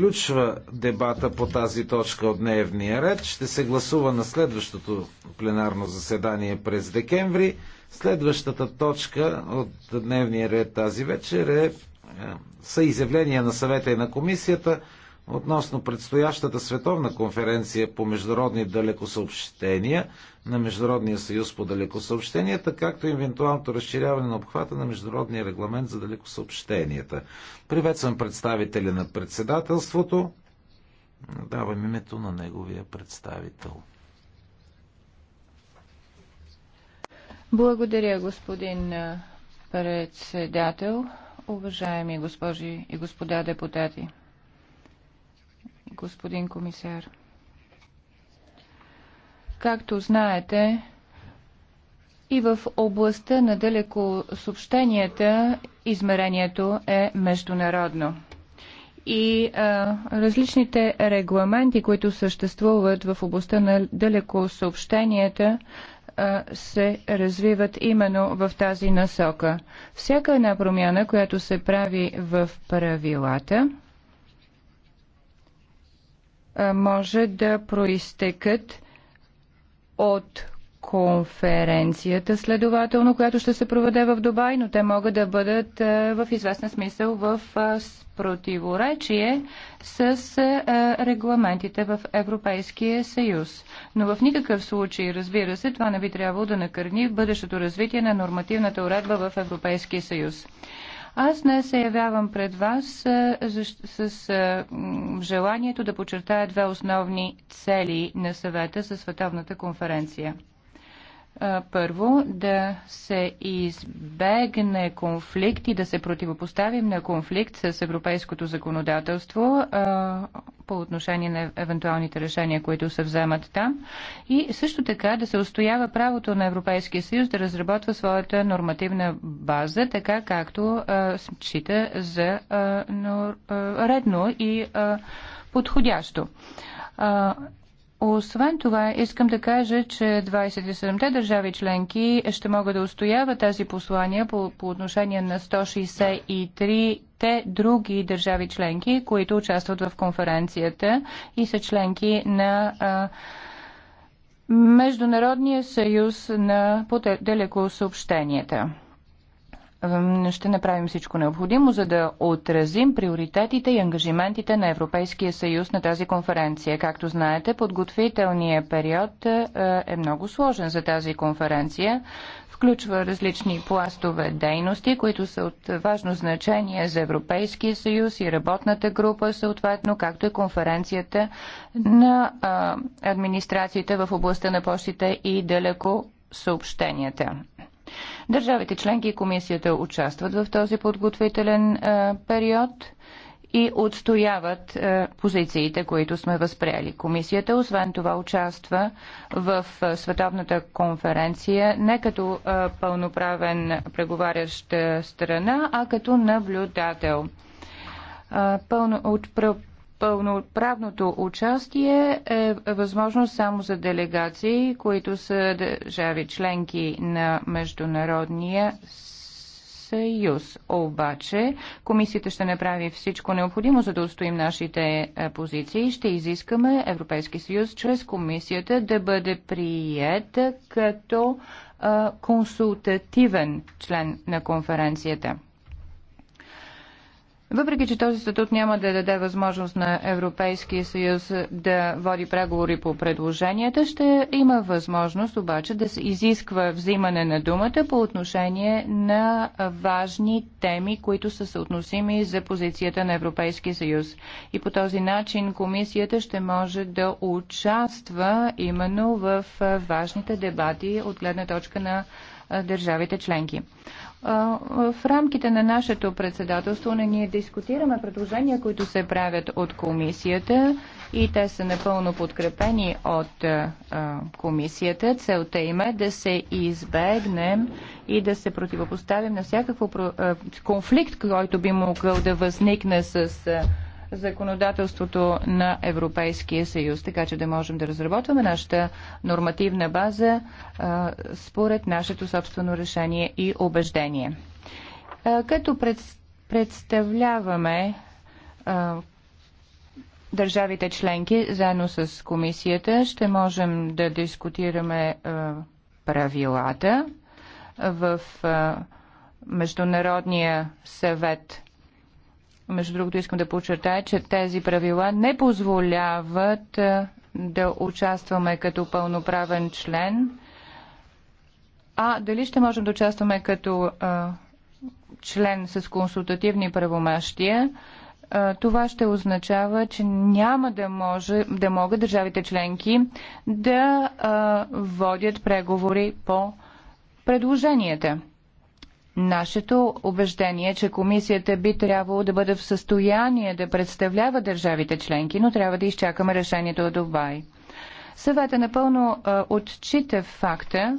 приключва дебата по тази точка от дневния ред. Ще се гласува на следващото пленарно заседание през декември. Следващата точка от дневния ред тази вечер е, е са изявления на съвета и на комисията относно предстоящата световна конференция по международни далекосъобщения на Международния съюз по далекосъобщенията, както и евентуалното разширяване на обхвата на Международния регламент за далекосъобщенията. Приветствам представителя на председателството. Давам името на неговия представител. Благодаря, господин председател, уважаеми госпожи и господа депутати господин комисар. Както знаете, и в областта на съобщенията измерението е международно. И а, различните регламенти, които съществуват в областта на а, се развиват именно в тази насока. Всяка една промяна, която се прави в правилата, може да проистекат от конференцията, следователно, която ще се проведе в Дубай, но те могат да бъдат в известен смисъл в противоречие с регламентите в Европейския съюз. Но в никакъв случай, разбира се, това не би трябвало да накърни бъдещото развитие на нормативната уредба в Европейския съюз. Аз не се явявам пред вас с желанието да подчертая две основни цели на съвета за Световната конференция първо да се избегне конфликт и да се противопоставим на конфликт с европейското законодателство по отношение на евентуалните решения, които се вземат там. И също така да се устоява правото на Европейския съюз да разработва своята нормативна база, така както а, счита за а, но, а, редно и а, подходящо. А, освен това, искам да кажа, че 27-те държави членки ще могат да устояват тези послания по, по отношение на 163-те други държави членки, които участват в конференцията и са членки на а, Международния съюз на по телекосъобщенията ще направим всичко необходимо, за да отразим приоритетите и ангажиментите на Европейския съюз на тази конференция. Както знаете, подготвителният период е много сложен за тази конференция. Включва различни пластове дейности, които са от важно значение за Европейския съюз и работната група, съответно, както и конференцията на администрациите в областта на почтите и далеко съобщенията. Държавите членки и комисията участват в този подготвителен а, е, период и отстояват е, позициите, които сме възприели. Комисията, освен това, участва в е, Световната конференция не като е, пълноправен преговарящ е, страна, а като наблюдател. Е, пълно, от, Пълноправното участие е възможно само за делегации, които са държави членки на Международния съюз. Обаче комисията ще направи всичко необходимо, за да устоим нашите е, позиции. Ще изискаме Европейски съюз чрез комисията да бъде прият като консултативен член на конференцията. Въпреки, че този статут няма да даде възможност на Европейския съюз да води преговори по предложенията, ще има възможност обаче да се изисква взимане на думата по отношение на важни теми, които са съотносими за позицията на Европейския съюз. И по този начин комисията ще може да участва именно в важните дебати от гледна точка на държавите членки. В рамките на нашето председателство не ние дискутираме предложения, които се правят от комисията и те са напълно подкрепени от комисията. Целта им е да се избегнем и да се противопоставим на всякакво конфликт, който би могъл да възникне с законодателството на Европейския съюз, така че да можем да разработваме нашата нормативна база а, според нашето собствено решение и убеждение. А, като пред, представляваме а, държавите членки, заедно с комисията, ще можем да дискутираме а, правилата в а, Международния съвет между другото искам да подчертая, че тези правила не позволяват е, да участваме като пълноправен член. А дали ще можем да участваме като а, е, член с консултативни правомащия, а, е, това ще означава, че няма да, може, да могат държавите членки да а, водят преговори по предложенията. Нашето убеждение е, че комисията би трябвало да бъде в състояние да представлява държавите членки, но трябва да изчакаме решението от Дубай. Съвета напълно а, отчита факта,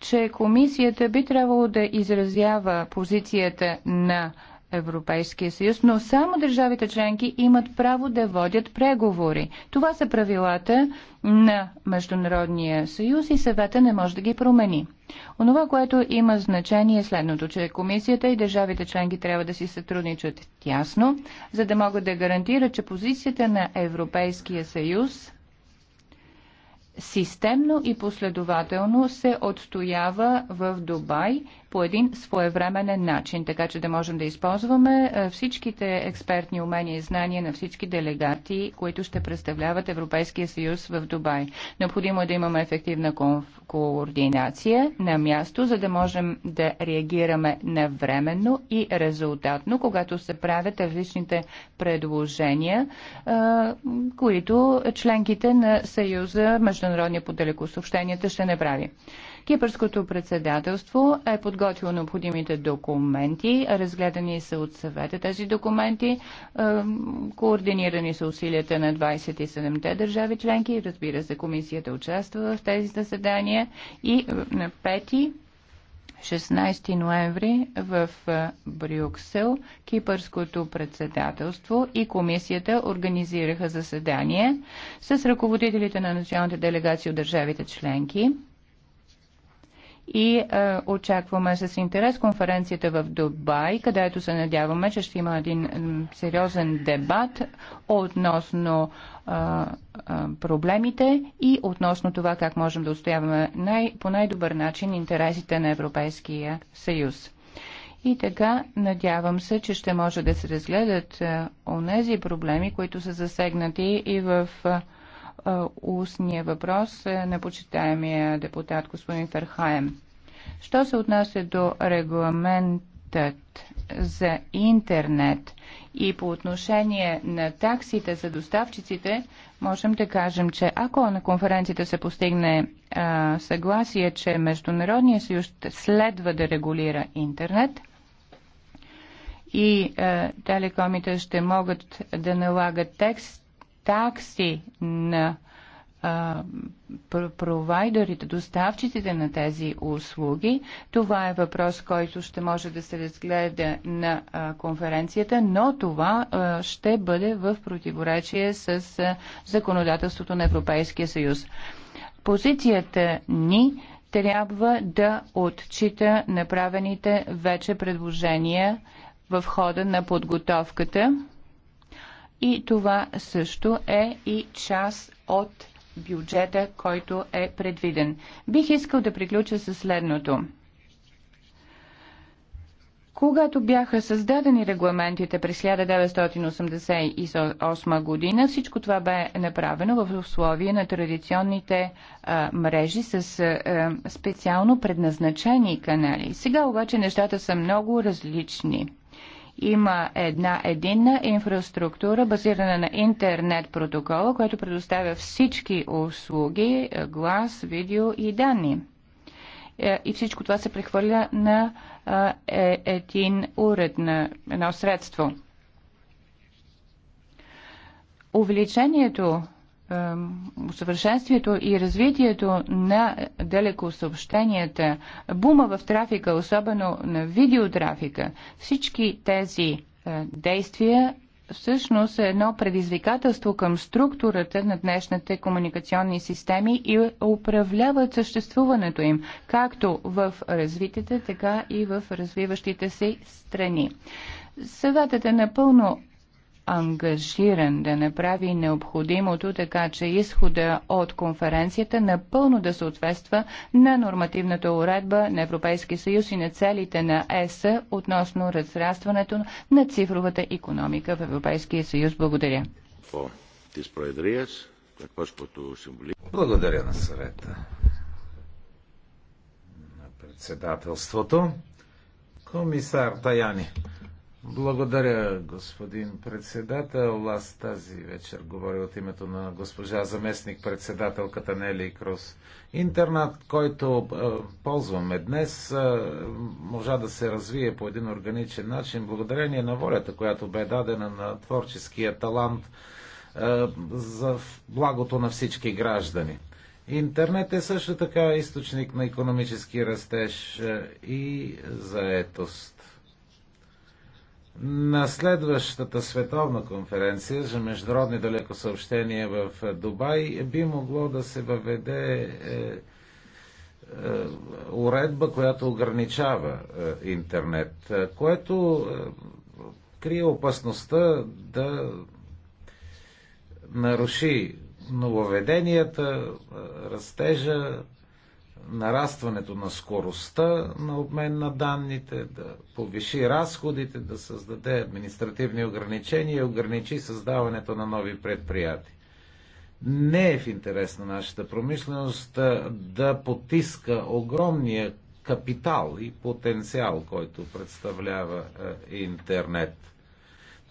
че комисията би трябвало да изразява позицията на Европейския съюз, но само държавите членки имат право да водят преговори. Това са правилата на Международния съюз и съвета не може да ги промени. Онова, което има значение е следното, че комисията и държавите членки трябва да си сътрудничат тясно, за да могат да гарантират, че позицията на Европейския съюз системно и последователно се отстоява в Дубай по един своевременен начин, така че да можем да използваме е, всичките експертни умения и знания на всички делегати, които ще представляват Европейския съюз в Дубай. Необходимо е да имаме ефективна координация на място, за да можем да реагираме навременно и резултатно, когато се правят различните предложения, е, които членките на Съюза, Международния по далекосъобщенията ще направи. Кипърското председателство е подготвило необходимите документи, разгледани са от съвета тези документи, координирани са усилията на 27-те държави членки, разбира се, комисията участва в тези заседания и на 5 16 ноември в Брюксел Кипърското председателство и комисията организираха заседание с ръководителите на националните делегации от държавите членки и а, е, очакваме с интерес конференцията в Дубай, където се надяваме, че ще има един сериозен дебат относно а, е, а, е, проблемите и относно това как можем да устояваме най, по най-добър начин интересите на Европейския съюз. И така, надявам се, че ще може да се разгледат е, онези проблеми, които са засегнати и в. А, устния въпрос е на почитаемия депутат господин Ферхаем. Що се отнася до регламентът за интернет и по отношение на таксите за доставчиците, можем да кажем, че ако на конференцията се постигне а, съгласие, че Международния съюз следва да регулира интернет, и а, телекомите ще могат да налагат текст такси на провайдерите, доставчиците на тези услуги. Това е въпрос, който ще може да се разгледа на конференцията, но това ще бъде в противоречие с законодателството на Европейския съюз. Позицията ни трябва да отчита направените вече предложения в хода на подготовката и това също е и част от бюджета, който е предвиден. Бих искал да приключа със следното. Когато бяха създадени регламентите през 1988 година, всичко това бе направено в условия на традиционните а, мрежи с а, специално предназначени канали. Сега обаче нещата са много различни. Има една единна инфраструктура, базирана на интернет протокола, който предоставя всички услуги, глас, видео и данни. Е, и всичко това се прехвърля на е, един уред, на едно средство. Увеличението усъвършенствието и развитието на далекосъобщенията, бума в трафика, особено на видеотрафика, всички тези действия всъщност е едно предизвикателство към структурата на днешните комуникационни системи и управляват съществуването им, както в развитите, така и в развиващите се страни. Съветът е напълно ангажиран да направи необходимото, така че изхода от конференцията напълно да съответства на нормативната уредба на Европейския съюз и на целите на ЕС относно разрастването на цифровата економика в Европейския съюз. Благодаря. Благодаря на съвета на председателството. Комисар Таяни. Благодаря, господин председател. Аз тази вечер говоря от името на госпожа заместник председателката Нели Крус. Интернат, който е, ползваме днес, е, можа да се развие по един органичен начин, благодарение на волята, която бе дадена на творческия талант е, за благото на всички граждани. Интернет е също така източник на економически растеж е, и заетост на следващата световна конференция за международни далекосъобщения в Дубай би могло да се въведе е, е, уредба, която ограничава е, интернет, е, което е, крие опасността да наруши нововеденията, е, растежа, нарастването на скоростта на обмен на данните, да повиши разходите, да създаде административни ограничения и ограничи създаването на нови предприятия. Не е в интерес на нашата промишленост да потиска огромния капитал и потенциал, който представлява интернет.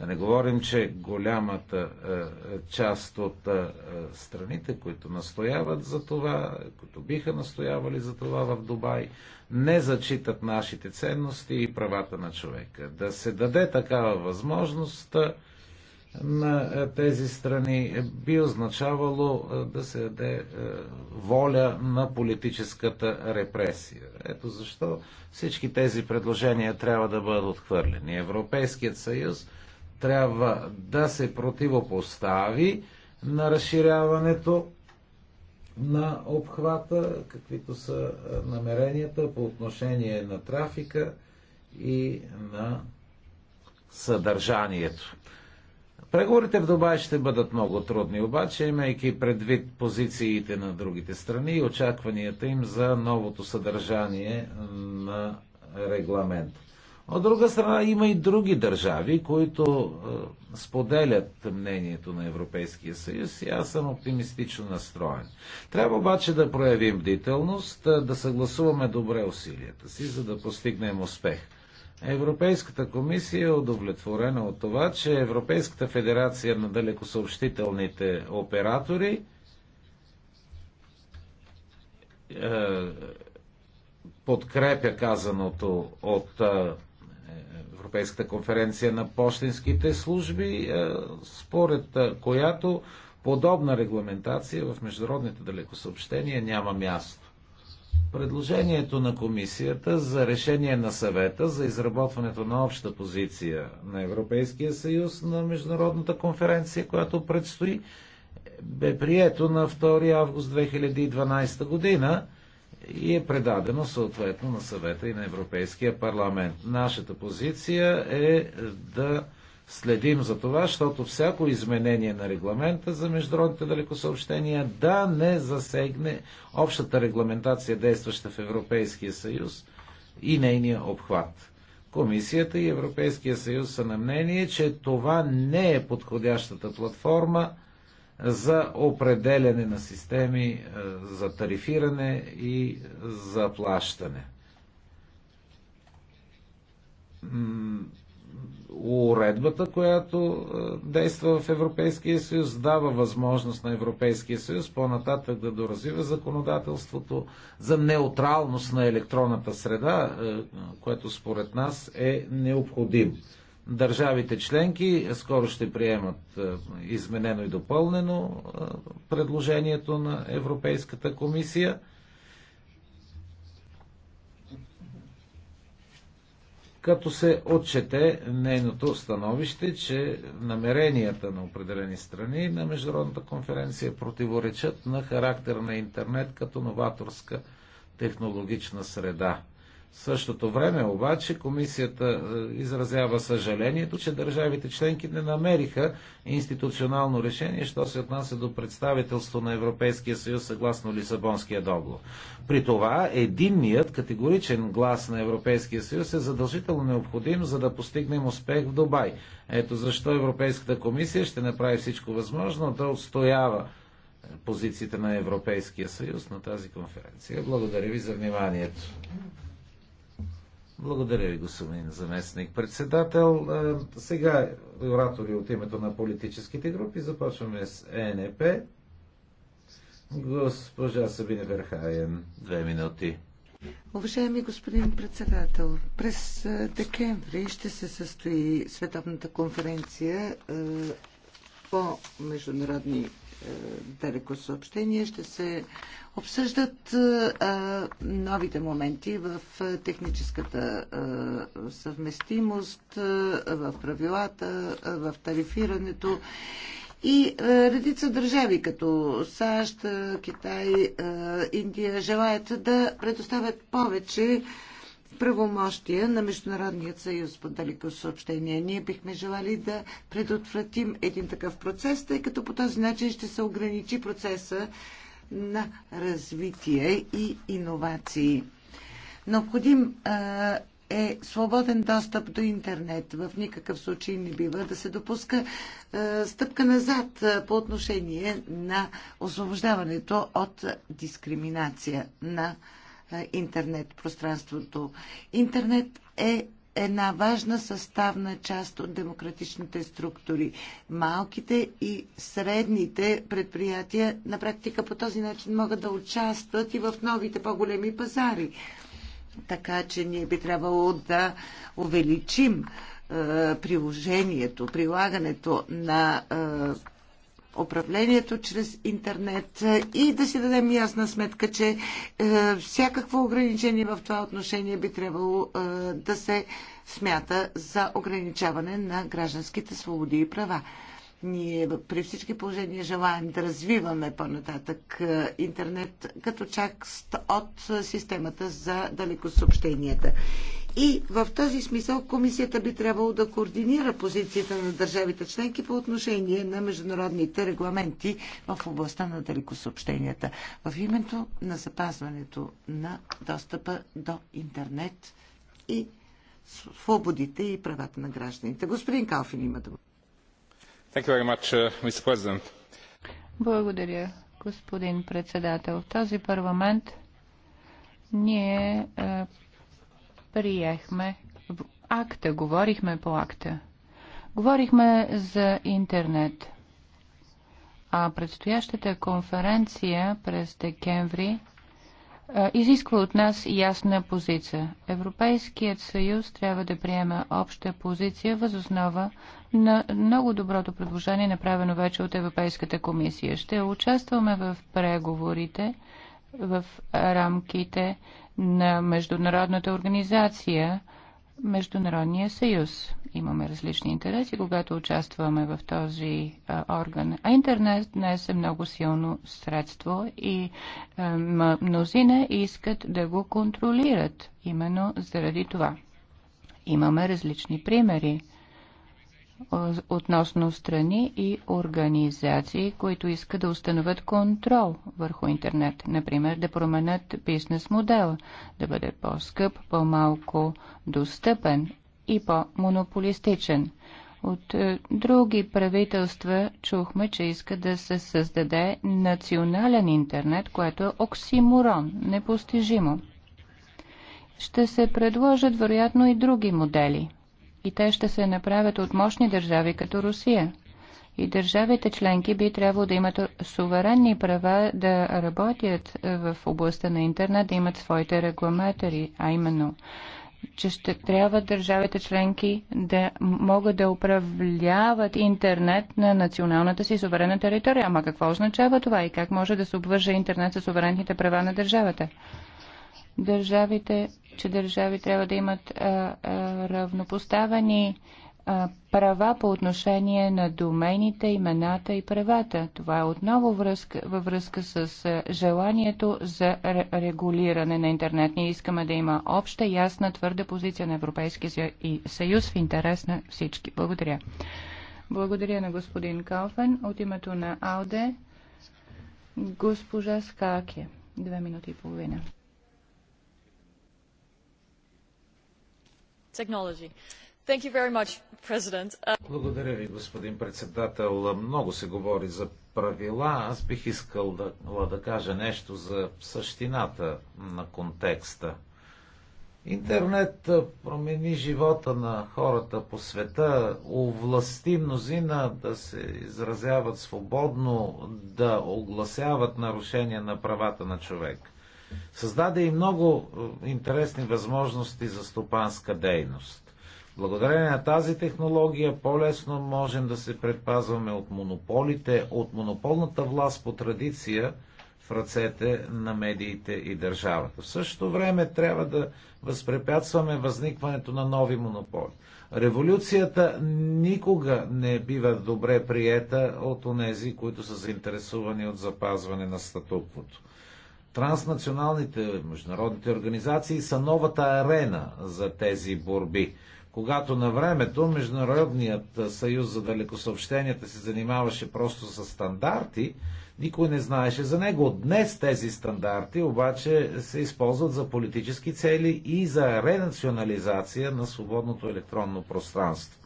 Да не говорим, че голямата е, част от е, страните, които настояват за това, които биха настоявали за това в Дубай, не зачитат нашите ценности и правата на човека. Да се даде такава възможност е, на тези страни би означавало да се даде воля на политическата репресия. Ето защо всички тези предложения трябва да бъдат отхвърлени. Европейският съюз трябва да се противопостави на разширяването на обхвата, каквито са е, намеренията по отношение на трафика и на съдържанието. Преговорите в Дубай ще бъдат много трудни, обаче имайки предвид позициите на другите страни и очакванията им за новото съдържание на регламента. От друга страна има и други държави, които е, споделят мнението на Европейския съюз и аз съм оптимистично настроен. Трябва обаче да проявим бдителност, е, да съгласуваме добре усилията си, за да постигнем успех. Европейската комисия е удовлетворена от това, че Европейската федерация на далекосъобщителните оператори е, подкрепя казаното от е, Европейската конференция на почтенските служби, е, според е, която подобна регламентация в международните далекосъобщения няма място. Предложението на комисията за решение на съвета за изработването на обща позиция на Европейския съюз на международната конференция, която предстои, бе прието на 2 август 2012 година и е предадено съответно на съвета и на Европейския парламент. Нашата позиция е да следим за това, защото всяко изменение на регламента за международните далекосъобщения да не засегне общата регламентация, действаща в Европейския съюз и нейния обхват. Комисията и Европейския съюз са на мнение, че това не е подходящата платформа за определяне на системи е, за тарифиране и за плащане. Уредбата, която е, действа в Европейския съюз, дава възможност на Европейския съюз по-нататък да доразвива законодателството за неутралност на електронната среда, е, което според нас е необходимо. Държавите членки скоро ще приемат е, изменено и допълнено е, предложението на Европейската комисия. като се отчете нейното становище, че намеренията на определени страни на Международната конференция противоречат на характер на интернет като новаторска технологична среда. В същото време обаче комисията е, изразява съжалението, че държавите членки не намериха институционално решение, що се отнася до представителство на Европейския съюз съгласно Лисабонския договор. При това единният категоричен глас на Европейския съюз е задължително необходим, за да постигнем успех в Дубай. Ето защо Европейската комисия ще направи всичко възможно да отстоява е, позициите на Европейския съюз на тази конференция. Благодаря ви за вниманието. Благодаря ви, господин заместник председател. Сега оратори от името на политическите групи. Започваме с ЕНП. Госпожа Сабина Верхаен, две минути. Уважаеми господин председател, през декември ще се състои Световната конференция по международни е, далеко съобщение ще се обсъждат е, е, новите моменти в техническата съвместимост, в правилата, в тарифирането. И редица държави, като САЩ, Китай, Индия, желаят да предоставят повече правомощия на Международният съюз по далеко съобщение. Ние бихме желали да предотвратим един такъв процес, тъй като по този начин ще се ограничи процеса на развитие и иновации. Необходим е свободен достъп до интернет. В никакъв случай не бива да се допуска а, стъпка назад а, по отношение на освобождаването от дискриминация на а, е, интернет пространството. Интернет е една важна съставна част от демократичните структури. Малките и средните предприятия на практика по този начин могат да участват и в новите по-големи пазари. Така че ние би трябвало да увеличим е, приложението, прилагането на е, управлението чрез интернет и да си дадем ясна сметка, че е, всякакво ограничение в това отношение би трябвало е, да се смята за ограничаване на гражданските свободи и права. Ние при всички положения желаем да развиваме по-нататък е, интернет като част от системата за далекосъобщенията. И в този смисъл комисията би трябвало да координира позицията на държавите членки по отношение на международните регламенти в областта на далекосъобщенията в името на запазването на достъпа до интернет и свободите и правата на гражданите. Господин Калфин има дума. Much, uh, Благодаря, господин председател. В този парламент ние приехме акта, говорихме по акта. Говорихме за интернет. А предстоящата конференция през декември изисква от нас ясна позиция. Европейският съюз трябва да приема обща позиция въз основа на много доброто предложение, направено вече от Европейската комисия. Ще участваме в преговорите в рамките на Международната организация, Международния съюз. Имаме различни интереси, когато участваме в този а, орган. А интернет днес е много силно средство и а, мнозина искат да го контролират именно заради това. Имаме различни примери относно страни и организации, които искат да установят контрол върху интернет. Например, да променят бизнес модела, да бъде по-скъп, по-малко достъпен и по-монополистичен. От е, други правителства чухме, че иска да се създаде национален интернет, което е оксиморон, непостижимо. Ще се предложат вероятно и други модели – и те ще се направят от мощни държави като Русия. И държавите членки би трябвало да имат суверенни права да работят в областта на интернет, да имат своите регламентари, а именно че ще трябва държавите членки да могат да управляват интернет на националната си суверена територия. Ама какво означава това и как може да се обвърже интернет с суверенните права на държавата? държавите, че държави трябва да имат а, а, равнопоставени а, права по отношение на домените, имената и правата. Това е отново връзка, във връзка с а, желанието за регулиране на интернет. Ние искаме да има обща, ясна, твърда позиция на Европейския съюз в интерес на всички. Благодаря. Благодаря на господин Калфен. От името на АЛДЕ госпожа Скаке. Две минути и половина. technology. Thank you very much, President. Uh, Благодаря ви, господин председател. Много се говори за правила. Аз бих искал да, да кажа нещо за същината на контекста. Интернет промени живота на хората по света, овласти мнозина да се изразяват свободно, да огласяват нарушения на правата на човек – Създаде и много е, интересни възможности за стопанска дейност. Благодарение на тази технология по-лесно можем да се предпазваме от монополите, от монополната власт по традиция в ръцете на медиите и държавата. В същото време трябва да възпрепятстваме възникването на нови монополи. Революцията никога не бива добре приета от онези, които са заинтересувани от запазване на статуквото. Транснационалните международните организации са новата арена за тези борби. Когато на времето Международният съюз за далекосъобщенията се занимаваше просто с стандарти, никой не знаеше за него. Днес тези стандарти обаче се използват за политически цели и за ренационализация на свободното електронно пространство.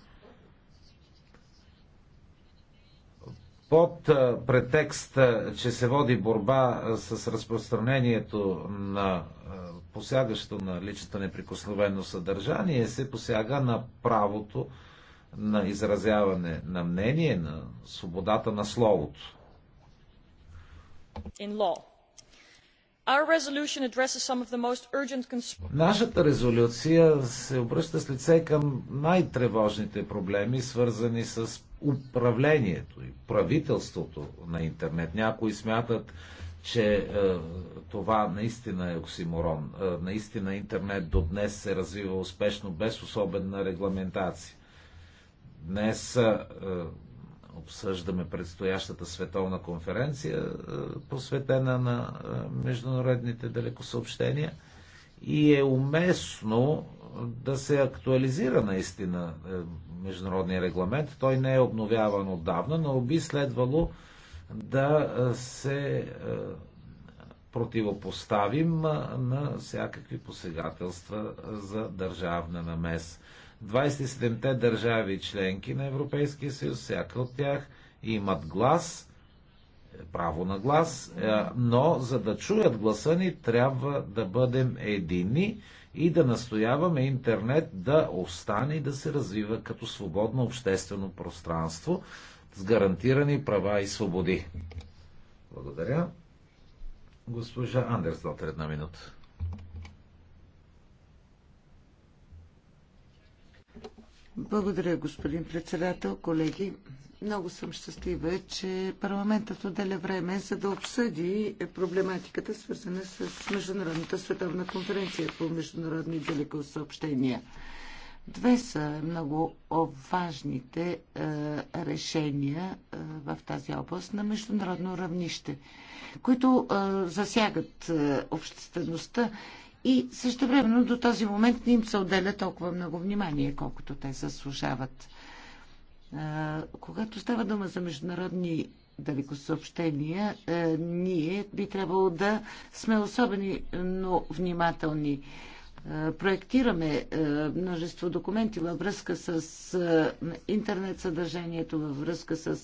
под претекст, че се води борба с разпространението на посягащо на личната неприкосновено съдържание, се посяга на правото на изразяване на мнение, на свободата на словото. Urgent... Нашата резолюция се обръща с лице към най-тревожните проблеми, свързани с управлението и правителството на интернет. Някои смятат, че е, това наистина е оксиморон. Е, наистина интернет до днес се развива успешно без особена регламентация. Днес е, е обсъждаме предстоящата световна конференция, е, посветена на е, международните далекосъобщения и е уместно да се актуализира наистина е, международния регламент. Той не е обновяван отдавна, но би следвало да е, се е, противопоставим на всякакви посегателства за държавна намес. 27-те държави членки на Европейския съюз, всяка от тях имат глас, право на глас, но за да чуят гласа ни трябва да бъдем едини и да настояваме интернет да остане и да се развива като свободно обществено пространство с гарантирани права и свободи. Благодаря. Госпожа Андерс, една минута. Благодаря, господин председател, колеги. Много съм щастлива, че парламентът отделя време, за да обсъди проблематиката, свързана с Международната световна конференция по международни съобщения. Две са много важните е, решения е, в тази област на международно равнище, които е, засягат е, обществеността и също времено до този момент не им се отделя толкова много внимание, колкото те заслужават. Когато става дума за международни далекосъобщения, ние би трябвало да сме особено внимателни. Проектираме множество документи във връзка с интернет съдържанието, във връзка с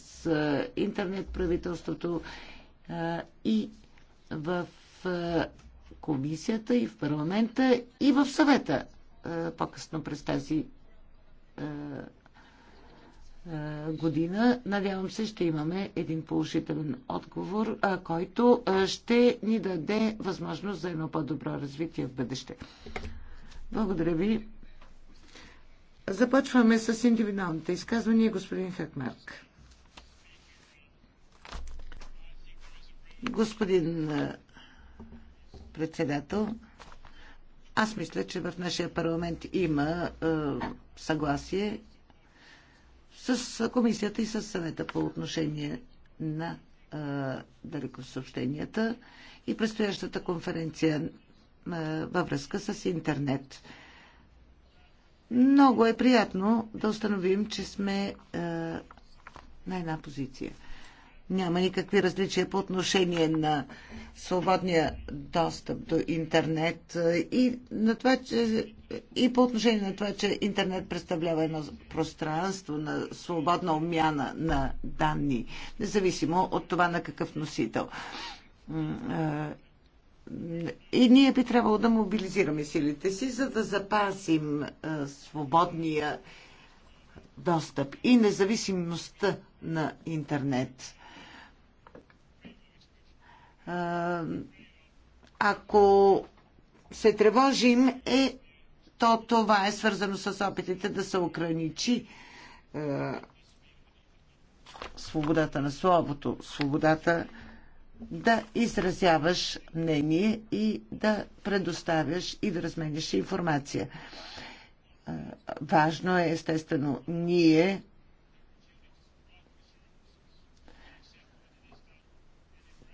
интернет правителството и в комисията, и в парламента, и в съвета е, по-късно през тази е, е, година. Надявам се, ще имаме един положителен отговор, който ще ни даде възможност за едно по-добро развитие в бъдеще. Благодаря ви. Започваме с индивидуалните изказвания, господин Хакмарк. Господин председател. Аз мисля, че в нашия парламент има е, съгласие с комисията и с съвета по отношение на е, далекосъобщенията и предстоящата конференция е, във връзка с интернет. Много е приятно да установим, че сме е, на една позиция. Няма никакви различия по отношение на свободния достъп до интернет и, на това, че, и по отношение на това, че интернет представлява едно пространство на свободна обмяна на данни, независимо от това на какъв носител. И ние би трябвало да мобилизираме силите си, за да запазим свободния достъп и независимостта на интернет ако се тревожим, е, то това е свързано с опитите да се ограничи е, свободата на словото, свободата да изразяваш мнение и да предоставяш и да разменяш информация. Важно е, естествено, ние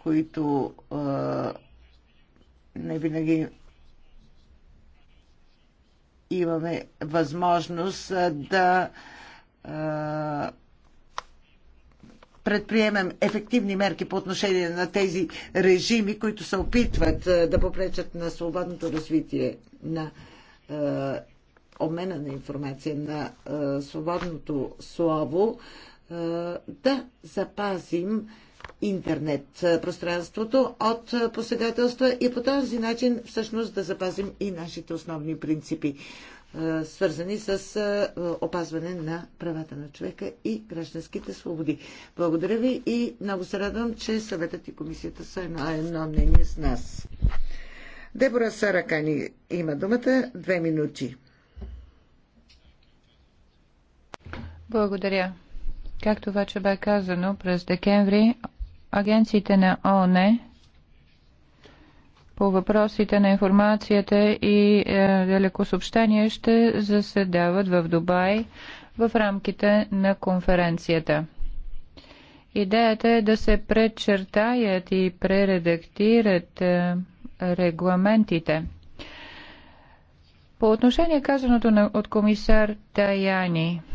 които не винаги имаме възможност да предприемем ефективни мерки по отношение на тези режими, които се опитват да попречат на свободното развитие на обмена на информация, на свободното слово, да запазим интернет пространството от посегателства и по този начин всъщност да запазим и нашите основни принципи, свързани с опазване на правата на човека и гражданските свободи. Благодаря ви и много се радвам, че съветът и комисията са едно, едно мнение с нас. Дебора Саракани има думата. Две минути. Благодаря. Както вече бе казано, през декември агенциите на ООН по въпросите на информацията и е, съобщение ще заседават в Дубай в рамките на конференцията. Идеята е да се предчертаят и прередактират е, регламентите. По отношение казаното на, от комисар Таяни –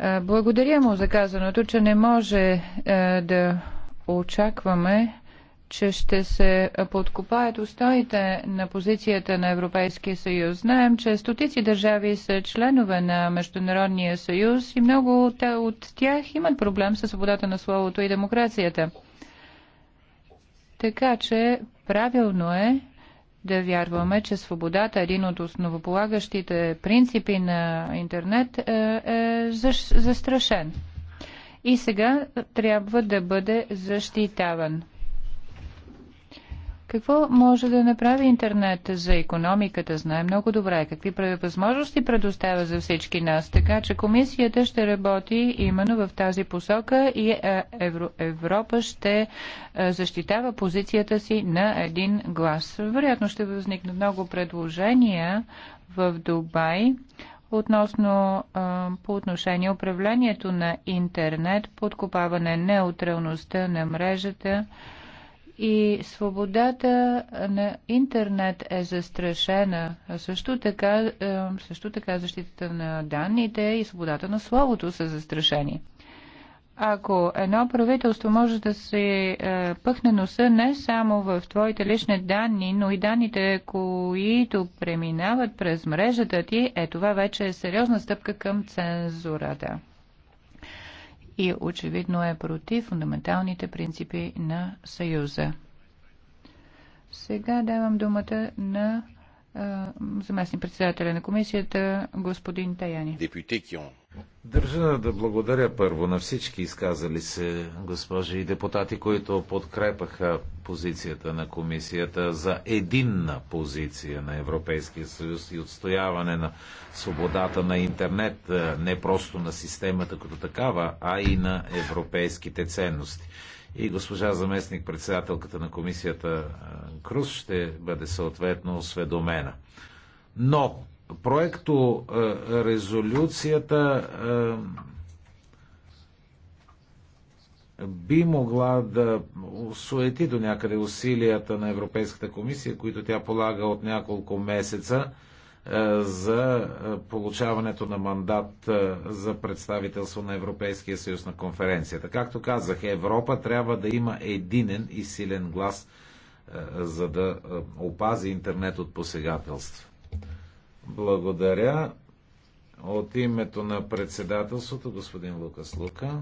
е, благодаря му за казаното, че не може е, да очакваме че ще се подкопаят устоите на позицията на Европейския съюз. Знаем, че стотици държави са членове на Международния съюз и много от тях имат проблем с свободата на словото и демокрацията. Така че правилно е да вярваме, че свободата, един от основополагащите принципи на интернет, е, е застрашен. И сега трябва да бъде защитаван. Какво може да направи интернет за економиката? Знае много добре какви възможности предоставя за всички нас. Така че комисията ще работи именно в тази посока и е, Европа ще е, защитава позицията си на един глас. Вероятно ще възникнат много предложения в Дубай относно е, по отношение управлението на интернет, подкопаване неутралността на мрежата, и свободата на интернет е застрашена. Също така, е, също така защитата на данните и свободата на словото са застрашени. Ако едно правителство може да се е, пъхне носа не само в твоите лични данни, но и данните, които преминават през мрежата ти, е това вече е сериозна стъпка към цензурата и очевидно е против фундаменталните принципи на Съюза. Сега давам думата на заместник председателя на комисията господин Таяни. Държа да благодаря първо на всички изказали се госпожи и депутати, които подкрепаха позицията на комисията за единна позиция на Европейския съюз и отстояване на свободата на интернет, е, не просто на системата като такава, а и на европейските ценности. И госпожа заместник председателката на комисията е, Круз ще бъде съответно осведомена. Но проекто е, резолюцията би могла да суети до някъде усилията на Европейската комисия, които тя полага от няколко месеца е, за е, получаването на мандат е, за представителство на Европейския съюз на конференцията. Както казах, Европа трябва да има единен и силен глас, за да опази интернет от посегателства. Благодаря. От името на председателството, господин Лукас Лука.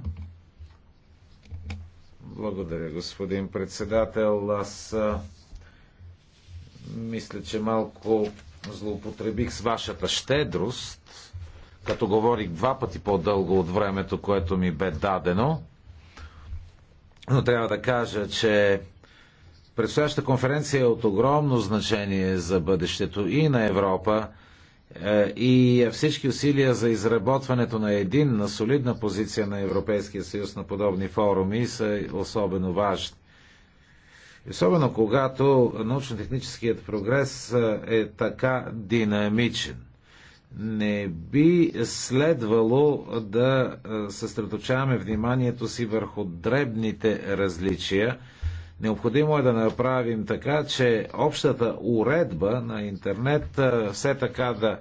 Благодаря, господин председател. Аз мисля, че малко злоупотребих с вашата щедрост, като говорих два пъти по-дълго от времето, което ми бе дадено. Но трябва да кажа, че предстоящата конференция е от огромно значение за бъдещето и на Европа, е, и всички усилия за изработването на един, на солидна позиция на Европейския съюз на подобни форуми са особено важни. Особено когато научно-техническият прогрес е, е така динамичен. Не би следвало да е, съсредоточаваме вниманието си върху дребните различия – Необходимо е да направим така, че общата уредба на интернет все така да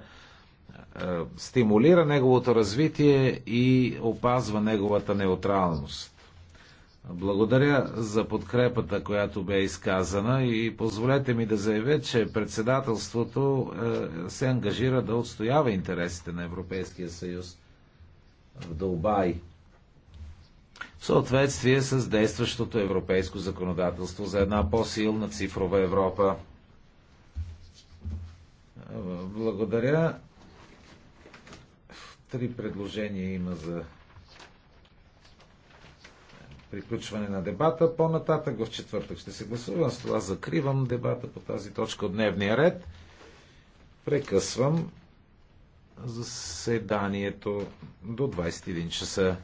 стимулира неговото развитие и опазва неговата неутралност. Благодаря за подкрепата, която бе изказана и позволете ми да заявя, че председателството се ангажира да отстоява интересите на Европейския съюз в Дубай съответствие с действащото европейско законодателство за една по-силна цифрова Европа. Благодаря. Три предложения има за приключване на дебата. По-нататък в четвъртък ще се гласувам. С това закривам дебата по тази точка от дневния ред. Прекъсвам заседанието до 21 часа.